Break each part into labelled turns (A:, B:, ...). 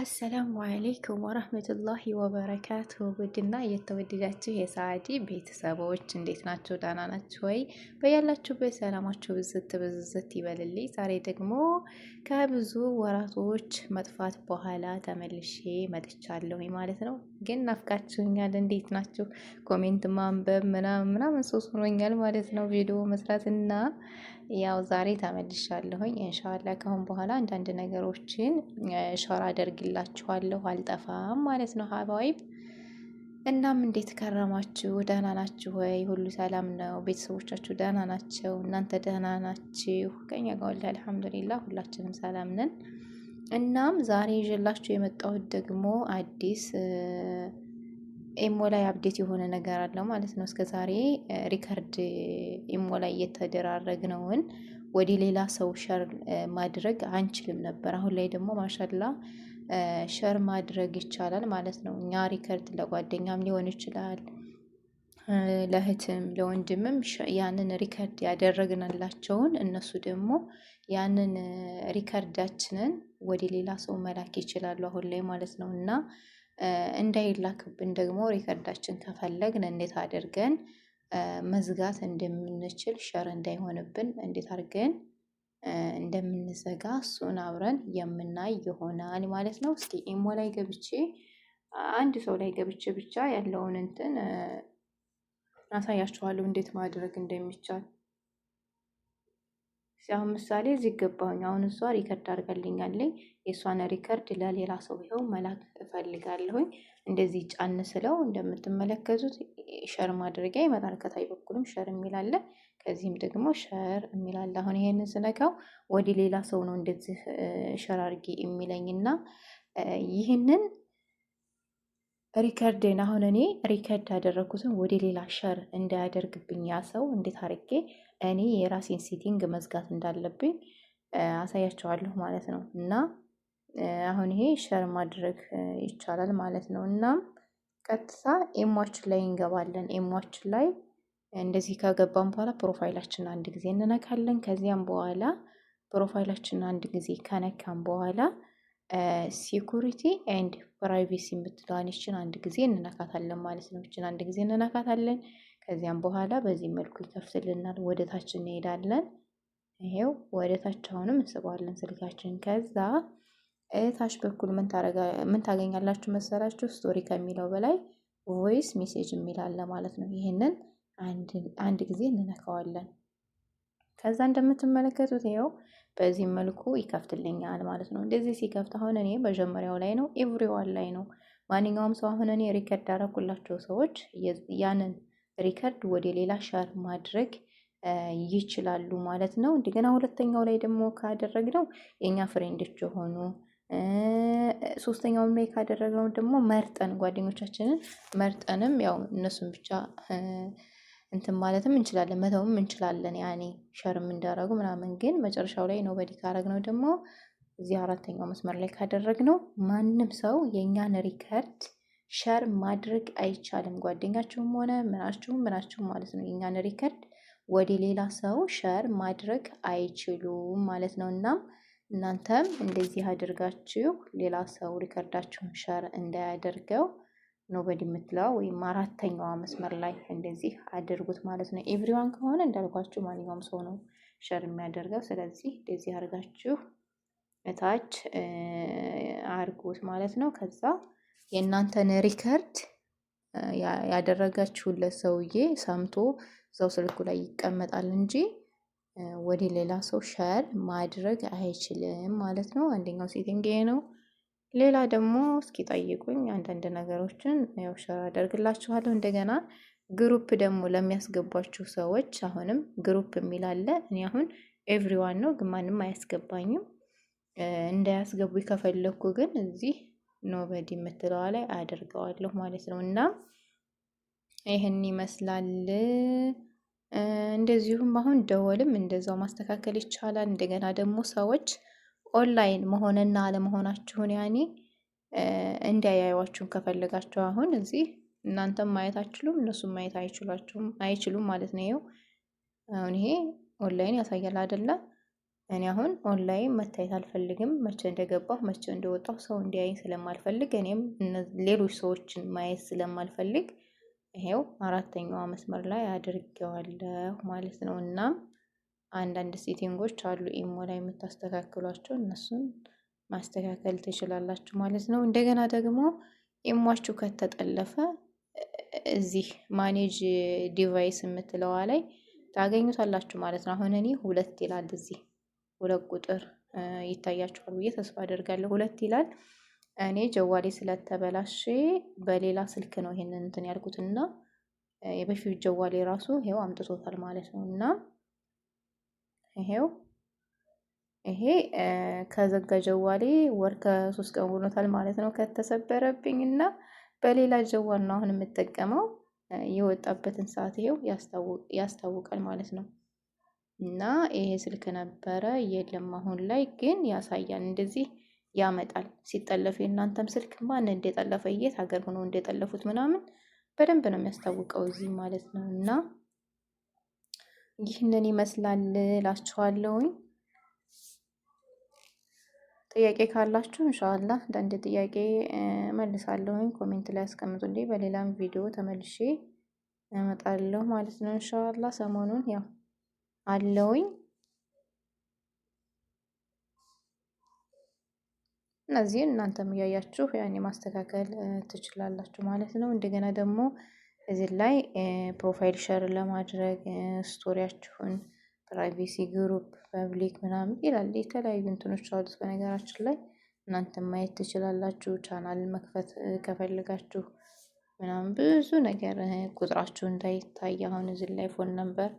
A: አሰላሙ አለይኩም ወረህመቱላሂ ወበረካቱ። ውድና እየተወደዳችሁ የሰዓዲ ቤተሰቦች እንዴት ናችሁ? ዳና ናችሁ ወይ? በያላችሁበት ሰላማችሁ ብዝት ብዝዝት ይበልልኝ። ዛሬ ደግሞ ከብዙ ወራቶች መጥፋት በኋላ ተመልሼ መጥቻለሁ ማለት ነው። ግን ናፍቃችሁኛል። እንዴት ናችሁ? ኮሜንት ማንበብ ምናምን ምናምን ሶስ ሆኖኛል ማለት ነው ቪዲዮ መስራት እና ያው ዛሬ ተመልሻለሁኝ። እንሻላ ከአሁን በኋላ አንዳንድ ነገሮችን ሸር አደርግላችኋለሁ። አልጠፋም ማለት ነው ሀባይብ እናም እንዴት ከረማችሁ? ደህና ናችሁ ወይ? ሁሉ ሰላም ነው? ቤተሰቦቻችሁ ደህና ናቸው? እናንተ ደህና ናችሁ? ከኛ ጋር አልሐምዱሊላ ሁላችንም ሰላም ነን። እናም ዛሬ ይዤላችሁ የመጣሁት ደግሞ አዲስ ኤሞ ላይ አብዴት የሆነ ነገር አለ ማለት ነው። እስከ ዛሬ ሪከርድ ኤሞ ላይ እየተደራረግነውን ወደ ሌላ ሰው ሸር ማድረግ አንችልም ነበር። አሁን ላይ ደግሞ ማሻላ ሸር ማድረግ ይቻላል ማለት ነው። እኛ ሪከርድ ለጓደኛም ሊሆን ይችላል ለእህትም ለወንድምም ያንን ሪከርድ ያደረግንላቸውን እነሱ ደግሞ ያንን ሪከርዳችንን ወደ ሌላ ሰው መላክ ይችላሉ አሁን ላይ ማለት ነው። እና እንዳይላክብን ደግሞ ሪከርዳችን ከፈለግን እንዴት አድርገን መዝጋት እንደምንችል ሸር እንዳይሆንብን እንዴት አድርገን እንደምንዘጋ እሱን አብረን የምናይ ይሆናል ማለት ነው። እስኪ ኢሞ ላይ ገብቼ አንድ ሰው ላይ ገብቼ ብቻ ያለውን እንትን አሳያችኋለሁ እንዴት ማድረግ እንደሚቻል። አሁን ምሳሌ እዚህ ገባሁኝ። አሁን እሷ ሪከርድ አድርጋልኛለኝ። የእሷን ሪከርድ ለሌላ ሰው ይኸው መላክ እፈልጋለሁኝ። እንደዚህ ጫን ስለው እንደምትመለከቱት ሸር ማድረጊያ ይመጣል። ከታይ በኩልም ሸር የሚላለ፣ ከዚህም ደግሞ ሸር የሚላለ። አሁን ይሄንን ስነካው ወደ ሌላ ሰው ነው እንደዚህ ሸር አድርጌ የሚለኝ እና ይህንን ሪከርድን አሁን እኔ ሪከርድ ያደረግኩትን ወደ ሌላ ሸር እንዳያደርግብኝ ያ ሰው እንዴት አድርጌ እኔ የራሴን ሴቲንግ መዝጋት እንዳለብኝ አሳያቸዋለሁ ማለት ነው። እና አሁን ይሄ ሸር ማድረግ ይቻላል ማለት ነው። እናም ቀጥታ ኤሟችን ላይ እንገባለን። ኤሟችን ላይ እንደዚህ ከገባን በኋላ ፕሮፋይላችን አንድ ጊዜ እንነካለን። ከዚያም በኋላ ፕሮፋይላችን አንድ ጊዜ ከነካን በኋላ ሴኩሪቲ ኤንድ ፕራይቬሲ የምትለዋን ይችን አንድ ጊዜ እንነካታለን ማለት ነው። ይችን አንድ ጊዜ እንነካታለን። ከዚያም በኋላ በዚህ መልኩ ይከፍትልናል። ወደ ታች እንሄዳለን። ይሄው ወደ ታች አሁንም እንስበዋለን ስልካችን። ከዛ ታች በኩል ምን ታገኛላችሁ መሰላችሁ? ስቶሪ ከሚለው በላይ ቮይስ ሜሴጅ የሚላለ ማለት ነው። ይህንን አንድ ጊዜ እንነካዋለን። ከዛ እንደምትመለከቱት ይኸው በዚህ መልኩ ይከፍትልኛል ማለት ነው። እንደዚህ ሲከፍት አሁን እኔ መጀመሪያው ላይ ነው፣ ኤቭሪዋን ላይ ነው። ማንኛውም ሰው አሁን እኔ ሪከርድ ያረኩላቸው ሰዎች ያንን ሪከርድ ወደ ሌላ ሻር ማድረግ ይችላሉ ማለት ነው። እንደገና ሁለተኛው ላይ ደግሞ ካደረግነው የእኛ ፍሬንዶች የሆኑ ሶስተኛውም ላይ ካደረግነው ደግሞ መርጠን ጓደኞቻችንን መርጠንም ያው እነሱን ብቻ እንትን ማለትም እንችላለን መተውም እንችላለን። ያኔ ሸር የምንደረጉ ምናምን ግን መጨረሻው ላይ ነው በዲ ካረግነው ደግሞ እዚህ አራተኛው መስመር ላይ ካደረግነው ማንም ሰው የእኛን ሪከርድ ሸር ማድረግ አይቻልም። ጓደኛችሁም ሆነ ምናችሁም ምናችሁም ማለት ነው የኛን ሪከርድ ወደ ሌላ ሰው ሸር ማድረግ አይችሉም ማለት ነው። እናም እናንተም እንደዚህ አድርጋችሁ ሌላ ሰው ሪከርዳችሁን ሸር እንዳያደርገው ኖበዲ የምትለው ወይም አራተኛዋ መስመር ላይ እንደዚህ አድርጉት ማለት ነው። ኤቭሪዋን ከሆነ እንዳልኳችሁ ማንኛውም ሰው ነው ሸር የሚያደርገው። ስለዚህ እንደዚህ አድርጋችሁ እታች አድርጉት ማለት ነው ከዛ የእናንተን ሪከርድ ያደረጋችሁለት ሰውዬ ሰምቶ እዛው ስልኩ ላይ ይቀመጣል እንጂ ወደ ሌላ ሰው ሸር ማድረግ አይችልም ማለት ነው። አንደኛው ሴቲንግ ነው። ሌላ ደግሞ እስኪ ጠይቁኝ አንዳንድ ነገሮችን ያው ሸር አደርግላችኋለሁ። እንደገና ግሩፕ ደግሞ ለሚያስገቧችሁ ሰዎች አሁንም ግሩፕ የሚል አለ። እኔ አሁን ኤቭሪዋን ነው ግን ማንም አያስገባኝም። እንዳያስገቡ ከፈለግኩ ግን እዚህ ኖበድ የምትለዋ ላይ አድርገዋለሁ ማለት ነው እና ይህን ይመስላል። እንደዚሁም አሁን ደወልም እንደዛው ማስተካከል ይቻላል። እንደገና ደግሞ ሰዎች ኦንላይን መሆንና አለመሆናችሁን ያኔ እንዲያያዩችሁን ከፈለጋችሁ አሁን እዚህ እናንተም ማየት አችሉም እነሱም ማየት አይችሉም ማለት ነው። ይኸው አሁን ይሄ ኦንላይን ያሳያል አይደለም። እኔ አሁን ኦንላይን መታየት አልፈልግም። መቼ እንደገባሁ መቼ እንደወጣሁ ሰው እንዲያይ ስለማልፈልግ እኔም ሌሎች ሰዎችን ማየት ስለማልፈልግ ይሄው አራተኛዋ መስመር ላይ አድርጌዋለሁ ማለት ነው። እና አንዳንድ ሴቲንጎች አሉ ኢሞ ላይ የምታስተካክሏቸው እነሱን ማስተካከል ትችላላችሁ ማለት ነው። እንደገና ደግሞ ኢሟችሁ ከተጠለፈ እዚህ ማኔጅ ዲቫይስ የምትለዋ ላይ ታገኙታላችሁ ማለት ነው። አሁን እኔ ሁለት ይላል እዚህ ሁለት ቁጥር ይታያቸዋል ብዬ ተስፋ አደርጋለሁ። ሁለት ይላል እኔ ጀዋሌ ስለተበላሸ በሌላ ስልክ ነው ይሄንን እንትን ያልኩት እና የበፊት ጀዋሌ ራሱ ይሄው አምጥቶታል ማለት ነው እና ይሄው ይሄ ከዘጋ ጀዋሌ ወር ከሶስት ቀን ሆኖታል ማለት ነው ከተሰበረብኝ እና በሌላ ጀዋል ነው አሁን የምጠቀመው። የወጣበትን ሰዓት ይሄው ያስታውቃል ማለት ነው። እና ይሄ ስልክ ነበረ የለም። አሁን ላይ ግን ያሳያል፣ እንደዚህ ያመጣል ሲጠለፍ። የእናንተም ስልክ ማን እንደጠለፈ የት ሀገር ሆኖ እንደጠለፉት ምናምን በደንብ ነው የሚያስታውቀው እዚህ ማለት ነው። እና ይህንን ይመስላል ላችኋለሁኝ። ጥያቄ ካላችሁ እንሻላ አንዳንድ ጥያቄ መልሳለሁኝ፣ ኮሜንት ላይ አስቀምጡልኝ። በሌላም ቪዲዮ ተመልሼ እመጣለሁ ማለት ነው። እንሻላ ሰሞኑን ያው አለውኝ። እነዚህን እናንተም እያያችሁ ያኔ ማስተካከል ትችላላችሁ ማለት ነው። እንደገና ደግሞ እዚህ ላይ ፕሮፋይል ሸር ለማድረግ ስቶሪያችሁን ፕራይቬሲ ግሩፕ ፐብሊክ ምናምን ይላል። የተለያዩ እንትኖች አሉት። በነገራችን ላይ እናንተም ማየት ትችላላችሁ። ቻናል መክፈት ከፈልጋችሁ ምናምን ብዙ ነገር ቁጥራችሁ እንዳይታይ አሁን እዚህ ላይ ፎን ነምበር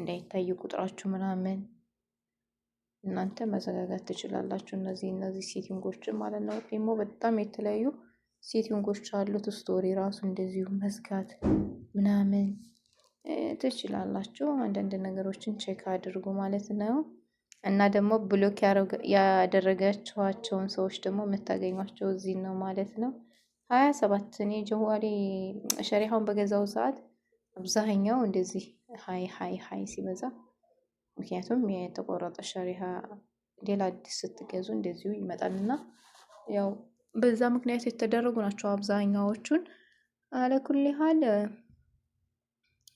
A: እንዳይታይ ቁጥራችሁ ምናምን እናንተ መዘጋጋት ትችላላችሁ። እነዚህ እነዚህ ሴቲንጎችን ማለት ነው። ደግሞ በጣም የተለያዩ ሴቲንጎች አሉት። ስቶሪ ራሱ እንደዚሁ መዝጋት ምናምን ትችላላችሁ። አንዳንድ ነገሮችን ቼክ አድርጉ ማለት ነው። እና ደግሞ ብሎክ ያደረጋችኋቸውን ሰዎች ደግሞ የምታገኟቸው እዚህ ነው ማለት ነው። ሀያ ሰባት እኔ ጀዋሌ ሸሪሀውን በገዛው ሰዓት አብዛኛው እንደዚህ ሀይ ሀይ ሀይ ሲበዛ፣ ምክንያቱም የተቆረጠ ሸሪሃ ሌላ አዲስ ስትገዙ እንደዚሁ ይመጣልና ያው በዛ ምክንያት የተደረጉ ናቸው አብዛኛዎቹን። አለኩል ሀል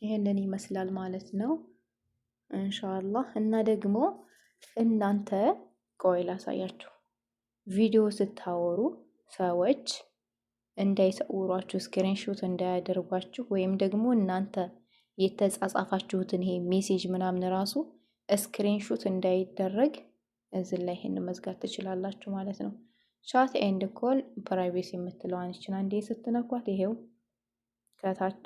A: ይሄንን ይመስላል ማለት ነው። እንሻላህ እና ደግሞ እናንተ ቆይ ላሳያችሁ ቪዲዮ ስታወሩ ሰዎች እንዳይሰውሯችሁ ስክሪንሾት እንዳያደርጓችሁ ወይም ደግሞ እናንተ የተጻጻፋችሁትን ይሄ ሜሴጅ ምናምን ራሱ ስክሪንሾት እንዳይደረግ እዚህ ላይ ይሄን መዝጋት ትችላላችሁ ማለት ነው። ቻት ኤንድ ኮል ፕራይቬሲ የምትለው አንችን አንዴ ስትነኳት ይሄው ከታች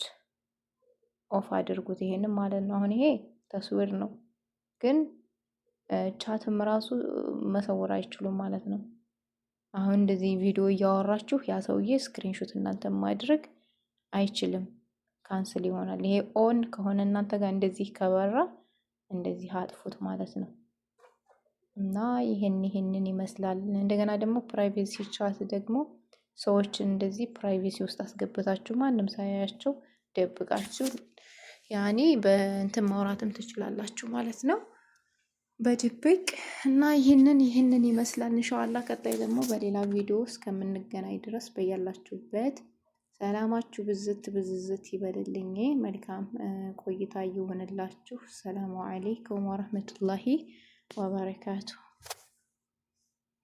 A: ኦፍ አድርጉት ይሄንም ማለት ነው። አሁን ይሄ ተስዊር ነው፣ ግን ቻትም ራሱ መሰወር አይችሉም ማለት ነው። አሁን እንደዚህ ቪዲዮ እያወራችሁ ያ ሰውዬ ስክሪንሾት እናንተ ማድረግ አይችልም፣ ካንስል ይሆናል። ይሄ ኦን ከሆነ እናንተ ጋር እንደዚህ ከበራ እንደዚህ አጥፉት ማለት ነው። እና ይህን ይህንን ይመስላል። እንደገና ደግሞ ፕራይቬሲ ቻት ደግሞ ሰዎችን እንደዚህ ፕራይቬሲ ውስጥ አስገብታችሁ ማንም ሳያያቸው ደብቃችሁ ያኔ በእንትን ማውራትም ትችላላችሁ ማለት ነው። በድብቅ እና ይህንን ይህንን ይመስላል። እንሻዋላ። ቀጣይ ደግሞ በሌላ ቪዲዮ እስከምንገናኝ ድረስ በያላችሁበት ሰላማችሁ ብዝት ብዝዝት ይበልልኝ። መልካም ቆይታ ይሆንላችሁ። ሰላሙ አሌይኩም ወረህመቱላሂ ወበረካቱ።